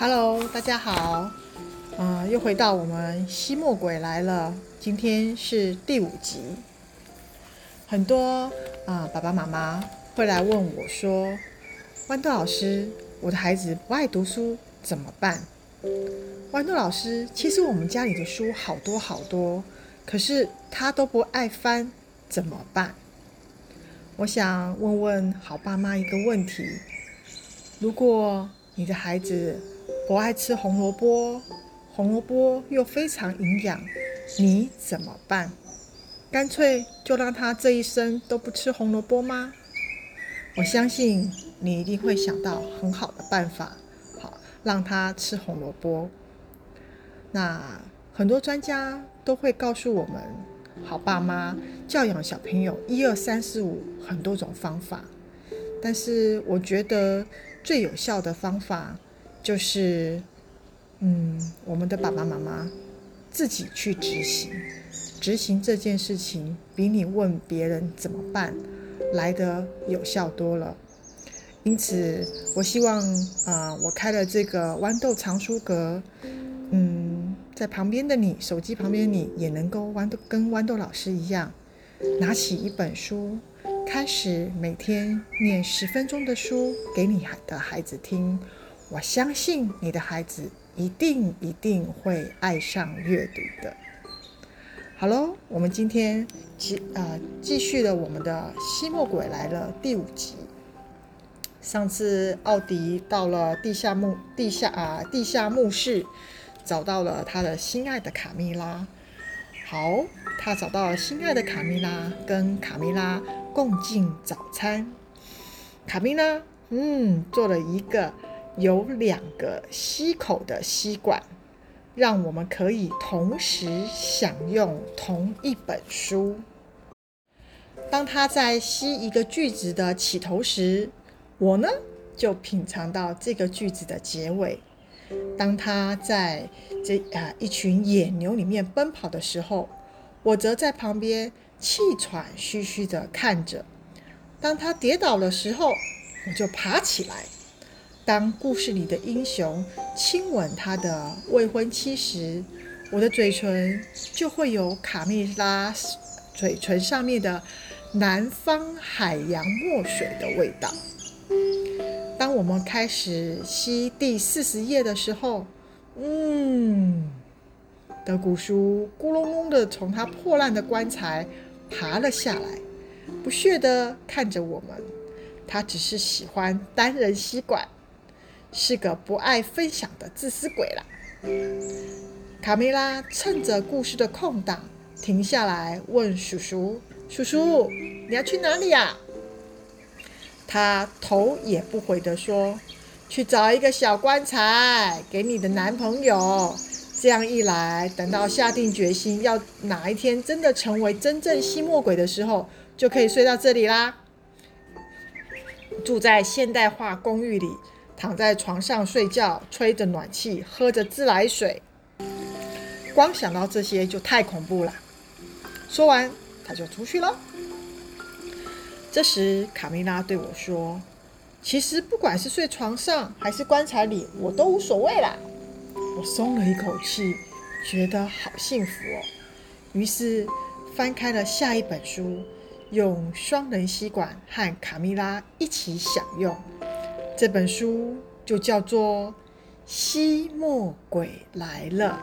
Hello，大家好，啊、呃，又回到我們吸墨鬼來了。今天是第五集，很多啊、呃，爸爸媽媽會來問我說：“豌豆老師，我的孩子不愛讀書怎麼辦？”豌豆老師，其實我們家裡的書好多好多，可是他都不愛翻，怎麼辦？我想問問好爸媽一個問題：如果你的孩子，不愛吃紅蘿蔔，紅蘿蔔又非常營養，你怎麼辦？乾脆就讓他這一生都不吃紅蘿蔔嗎？我相信你一定會想到很好的辦法，好讓他吃紅蘿蔔。那很多專家都會告訴我們，好爸媽教養小朋友一二三四五很多種方法，但是我覺得最有效的方法。就是，嗯，我們的爸爸媽媽自己去執行，執行這件事情比你問別人怎麼辦來得有效多了。因此，我希望啊、呃，我開了這個豌豆藏書閣，嗯，在旁邊的你，手機旁邊你也能夠豌豆跟豌豆老師一樣，拿起一本書，開始每天念十分鐘的書給你的孩子聽。我相信你的孩子一定一定會愛上閱讀的。哈囉，我們今天繼呃繼續了我們的《吸墨鬼來了》第五集。上次奧迪到了地下墓地下啊地下墓室，找到了他的心愛的卡蜜拉。好，他找到了心愛的卡蜜拉，跟卡蜜拉共進早餐。卡蜜拉，嗯，做了一個。有兩個吸口的吸管，讓我們可以同時享用同一本書。當他在吸一個句子的起頭時，我呢就品嘗到這個句子的結尾。當他在這啊一群野牛裡面奔跑的時候，我則在旁邊氣喘吁吁地看着。當他跌倒的時候，我就爬起來。當故事裡的英雄親吻他的未婚妻時，我的嘴唇就會有卡蜜拉嘴唇上面的南方海洋墨水的味道。當我們開始吸第四十頁的時候，嗯，德古書咕隆隆的從他破爛的棺材爬了下來，不屑的看着我們。他只是喜歡單人吸管。是個不愛分享的自私鬼啦。卡梅拉趁着故事的空檔停下來，問叔叔：“叔叔，你要去哪裡呀？”他頭也不回地說：“去找一個小棺材給你的男朋友。這樣一來，等到下定決心要哪一天真的成為真正吸墨鬼的時候，就可以睡到這裡啦，住在現代化公寓裡。”躺在床上睡覺，吹着暖氣，喝着自來水，光想到這些就太恐怖了。說完，他就出去了。這時，卡米拉對我說：“其實不管是睡床上還是棺材裡，我都無所謂啦。”我鬆了一口氣，覺得好幸福哦。於是，翻開了下一本書，用雙人吸管和卡米拉一起享用。這本書就叫做《吸墨鬼來了》，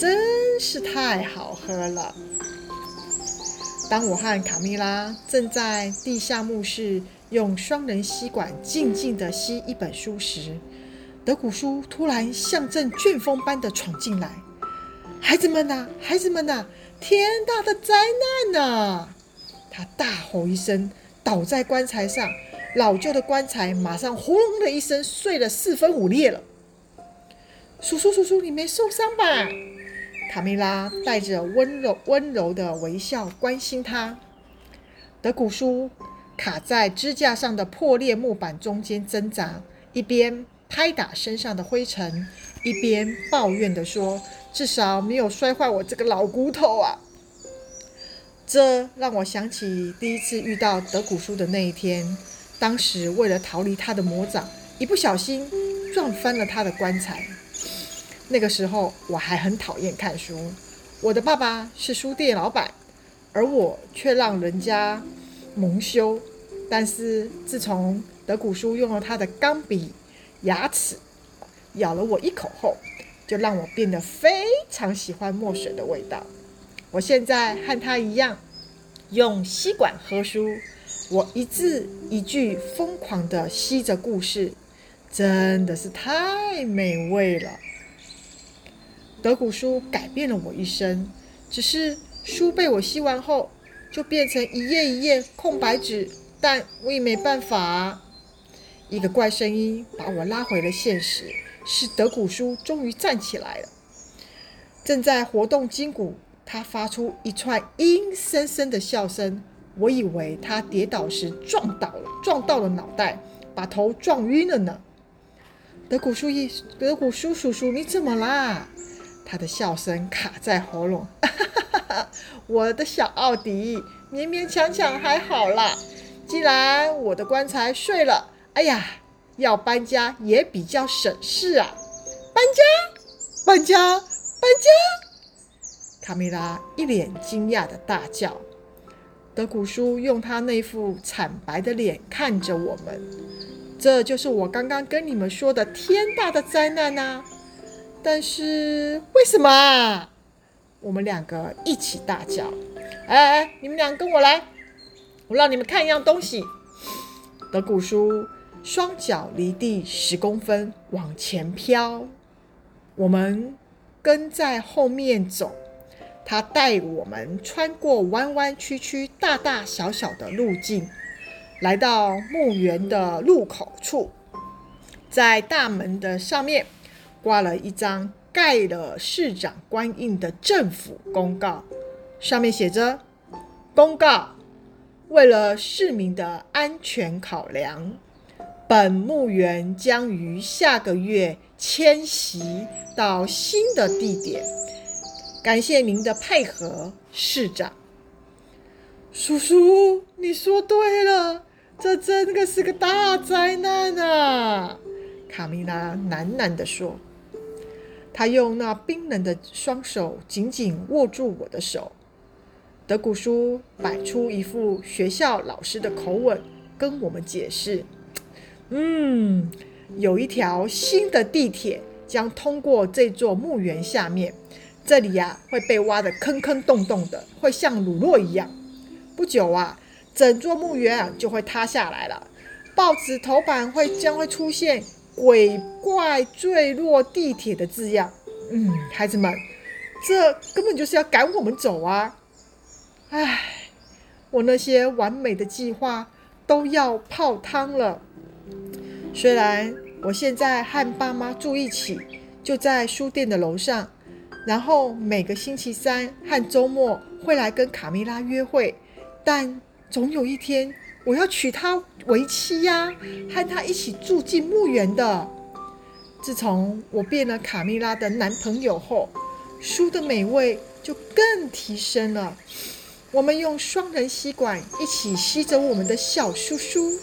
真是太好喝了。當我和卡蜜拉正在地下墓室用雙人吸管靜靜地吸一本書時，德古書突然像陣旋風般的闖進來：“孩子們吶、啊，孩子們吶、啊，天大的災難吶、啊！”他大吼一聲，倒在棺材上。老舊的棺材馬上轟隆的一聲碎了，四分五裂了。叔叔，叔叔，你沒受傷吧？卡米拉帶着溫柔溫柔的微笑關心他。德古叔卡在支架上的破裂木板中間掙扎，一邊拍打身上的灰塵，一邊抱怨地說：“至少沒有摔壞我這個老骨頭啊！”這讓我想起第一次遇到德古叔的那一天。當時為了逃離他的魔掌，一不小心撞翻了他的棺材。那個時候我還很討厭看書，我的爸爸是書店老板，而我卻讓人家蒙羞。但是自從德古叔用了他的鋼筆、牙齒咬了我一口後，就讓我變得非常喜歡墨水的味道。我現在和他一樣，用吸管喝書。我一字一句瘋狂地吸着故事，真的是太美味了。德古書改變了我一生，只是書被我吸完後，就變成一頁一頁空白紙，但我也沒辦法。一個怪聲音把我拉回了現實，是德古書終於站起來了，正在活動筋骨，他發出一串陰森森的笑聲。我以為他跌倒時撞倒了，撞到了腦袋，把頭撞暈了呢。德古叔一德古叔叔叔，你怎麼啦？他的笑聲卡在喉嚨，哈哈哈哈！我的小奧迪，勉勉強強還好啦。既然我的棺材碎了，哎呀，要搬家也比較省事啊！搬家，搬家，搬家！卡梅拉一臉驚訝地大叫。德古叔用他那副慘白的臉看着我們，「這就是我剛剛跟你們說的天大的災難吶、啊！」！但是為什麼啊？我們兩個一起大叫：“哎、欸、哎，你們倆跟我來，我讓你們看一樣東西。”德古叔雙腳離地十公分，往前飄，我們跟在後面走。他帶我們穿過彎彎曲曲、大大小小的路徑，來到墓園的入口處，在大門的上面掛了一張蓋了市長官印的政府公告，上面寫着：“公告，為了市民的安全考量，本墓園將於下個月遷徙到新的地點。”感謝您的配合。市長叔叔，你說對了，這真的是個大災難啊！卡米拉喃喃地說，他用那冰冷的雙手緊緊握住我的手。德古叔擺出一副學校老師的口吻跟我們解釋：“嗯，有一條新的地鐵將通過這座墓園下面。”這裡呀、啊、會被挖得坑坑洞洞的，會像乳酪一樣。不久啊，整座墓園啊就會塌下來了。報紙頭版會將會出現“鬼怪墜落地鐵”的字樣。嗯，孩子們，這根本就是要趕我們走啊！唉，我那些完美的計劃都要泡湯了。雖然我現在和爸媽住一起，就在書店的樓上。然後每個星期三和周末會來跟卡蜜拉約會，但總有一天我要娶她為妻呀、啊，和她一起住進墓園的。自從我變了卡蜜拉的男朋友後，書的美味就更提升了。我們用雙人吸管一起吸走我們的小書書，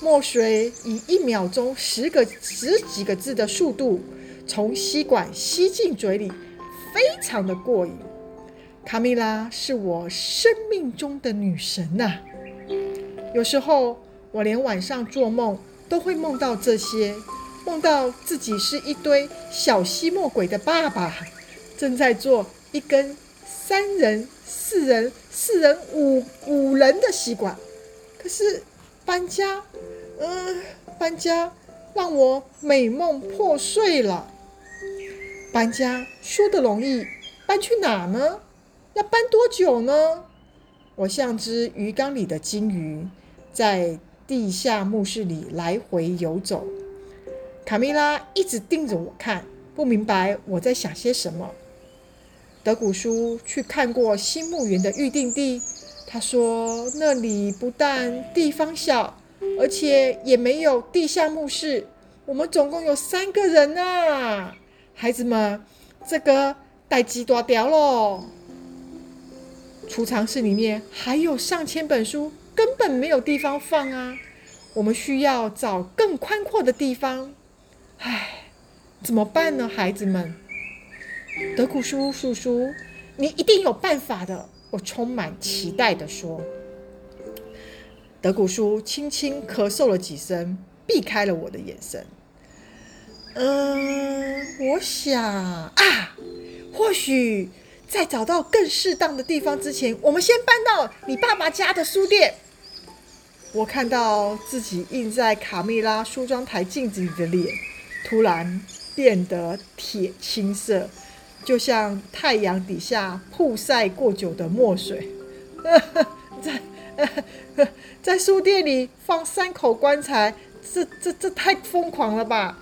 墨水以一秒鐘十個十幾個字的速度從吸管吸進嘴裡，非常的過癮。卡蜜拉是我生命中的女神吶、啊。有時候我連晚上做夢都會夢到這些，夢到自己是一堆小吸墨鬼的爸爸，正在做一根三人、四人、四人五、五五人的吸管。可是搬家，嗯、呃，搬家，讓我美夢破碎了。搬家說得容易，搬去哪呢？要搬多久呢？我像只魚缸裡的金魚，在地下墓室裡來回游走。卡米拉一直盯着我看，不明白我在想些什麼。德古叔去看過新墓園的預定地，他說那裡不但地方小，而且也沒有地下墓室。我們總共有三個人啊！孩子們，這個代誌大條了，儲藏室裡面還有上千本書，根本沒有地方放啊！我們需要找更寬闊的地方。唉，怎麼辦呢，孩子們？德古書叔叔，你一定有辦法的，我充滿期待的說。德古書輕輕咳嗽了幾聲，避開了我的眼神。嗯、呃，我想啊，或許在找到更適當的地方之前，我們先搬到你爸爸家的書店。我看到自己印在卡蜜拉梳妝檯鏡子裡的臉，突然變得鐵青色，就像太陽底下曝曬過久的墨水。呵呵，在，呵呵，在書店裡放三口棺材，這這這太瘋狂了吧！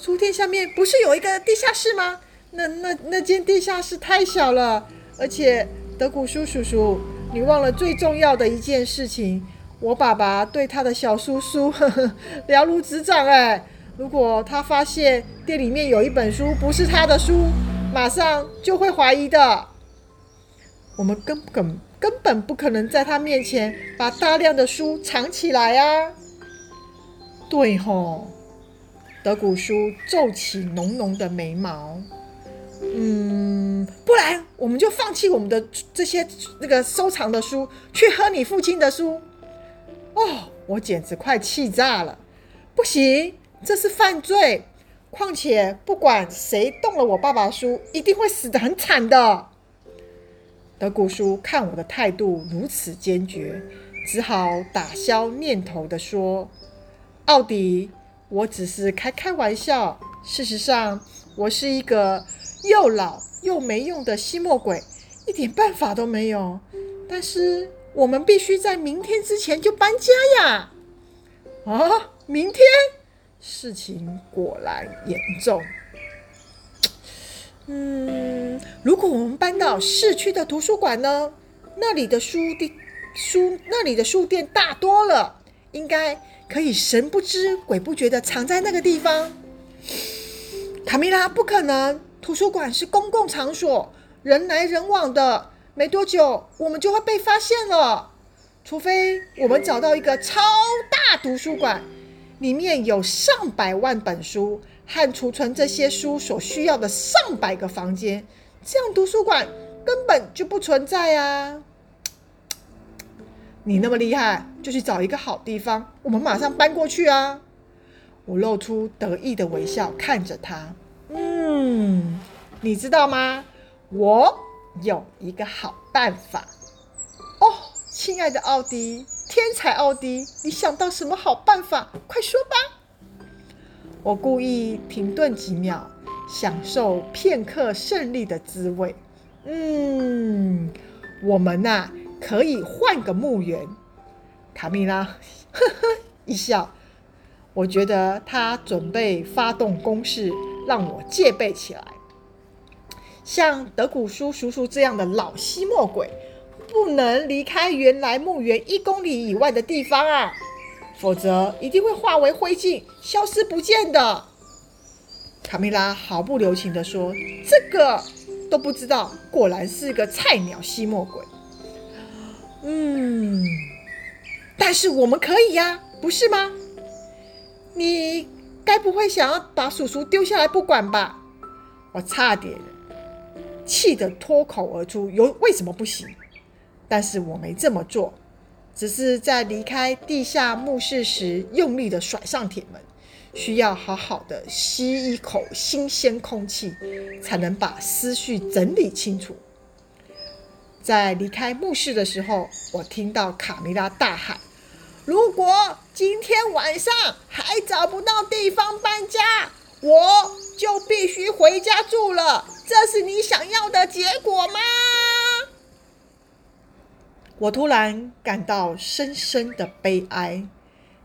書店下面不是有一個地下室嗎？那那那間地下室太小了，而且德古書叔叔，你忘了最重要的一件事情，我爸爸對他的小叔叔，呵呵，了如指掌哎。如果他發現店裡面有一本書不是他的書，馬上就會懷疑的。我們根本根本不可能在他面前把大量的書藏起來啊！對吼。德古叔皺起濃濃的眉毛，嗯，不然我們就放棄我們的這些那個收藏的書，去喝你父親的書。哦，我簡直快氣炸了！不行，這是犯罪。況且，不管誰動了我爸爸的書，一定會死得很慘的。德古叔看我的態度如此堅決，只好打消念頭的說：“奧迪。”我只是開開玩笑。事實上，我是一個又老又沒用的吸墨鬼，一點辦法都沒有。但是我們必須在明天之前就搬家呀！啊、哦，明天，事情果然嚴重。嗯，如果我們搬到市區的圖書館呢？那裡的書店、書那裡的書店大多了。應該可以神不知鬼不覺地藏在那個地方。卡米拉，不可能！圖書館是公共場所，人來人往的，沒多久我們就會被發現了。除非我們找到一個超大圖書館，裡面有上百萬本書和儲存這些書所需要的上百個房間，這樣圖書館根本就不存在啊！你那麼厲害，就去找一個好地方，我們馬上搬過去啊！我露出得意的微笑，看着他。嗯，你知道嗎？我有一個好辦法。哦，親愛的奧迪，天才奧迪，你想到什麼好辦法？快說吧！我故意停頓幾秒，享受片刻勝利的滋味。嗯，我們吶、啊。可以換個墓園，卡蜜拉呵呵一笑。我覺得他準備發動攻勢，讓我戒備起來。像德古拉叔叔這樣的老吸墨鬼，不能離開原來墓園一公里以外的地方啊，否則一定會化為灰燼，消失不見的。卡蜜拉毫不留情的說：“這個都不知道，果然是個菜鳥吸墨鬼。”嗯，但是我們可以呀、啊，不是嗎？你該不會想要把叔叔丟下來不管吧？我差點氣得脫口而出，有，為什麼不行？但是我沒這麼做，只是在離開地下墓室時用力地甩上鐵門，需要好好的吸一口新鮮空氣，才能把思緒整理清楚。在離開墓室的時候，我聽到卡米拉大喊：“如果今天晚上還找不到地方搬家，我就必須回家住了。這是你想要的結果嗎？”我突然感到深深的悲哀。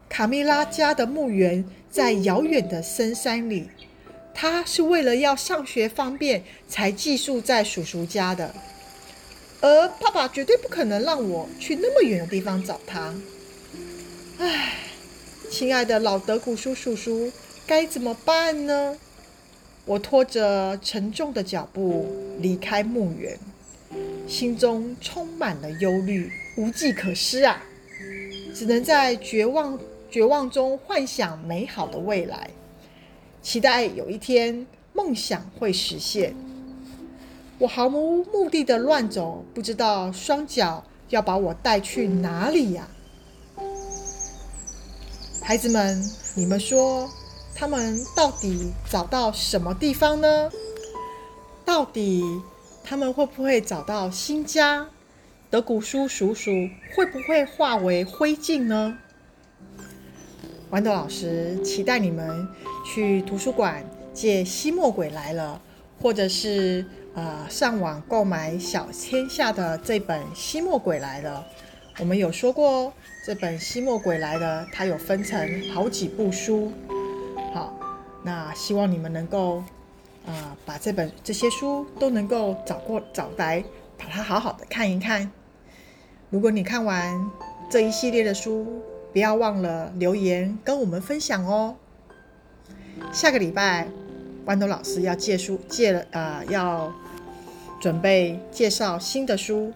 卡米拉家的墓園在遙遠的深山裡，她是為了要上學方便才寄宿在叔叔家的。而爸爸絕對不可能讓我去那麼遠的地方找他。唉，親愛的老德古叔叔叔，該怎麼辦呢？我拖着沉重的腳步離開墓園，心中充滿了憂慮，無計可施啊！只能在絕望，絕望中幻想美好的未來，期待有一天夢想會實現。我毫無目的的亂走，不知道雙腳要把我帶去哪裡呀、啊？孩子們，你們說他們到底找到什麼地方呢？到底他們會不會找到新家？德古叔叔叔會不會化為灰燼呢？豌豆老師期待你們去圖書館借《吸墨鬼來了》，或者是。啊、呃，上網購買小天下的這本《吸墨鬼來了》，我們有說過哦，這本《吸墨鬼來了》，它有分成好幾部書。好，那希望你們能夠啊、呃，把這本這些書都能夠找過找來，把它好好的看一看。如果你看完這一系列的書，不要忘了留言跟我們分享哦。下個禮拜，豌豆老師要借書借了啊、呃，要。準備介紹新的書，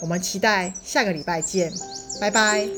我們期待下個禮拜見，拜拜。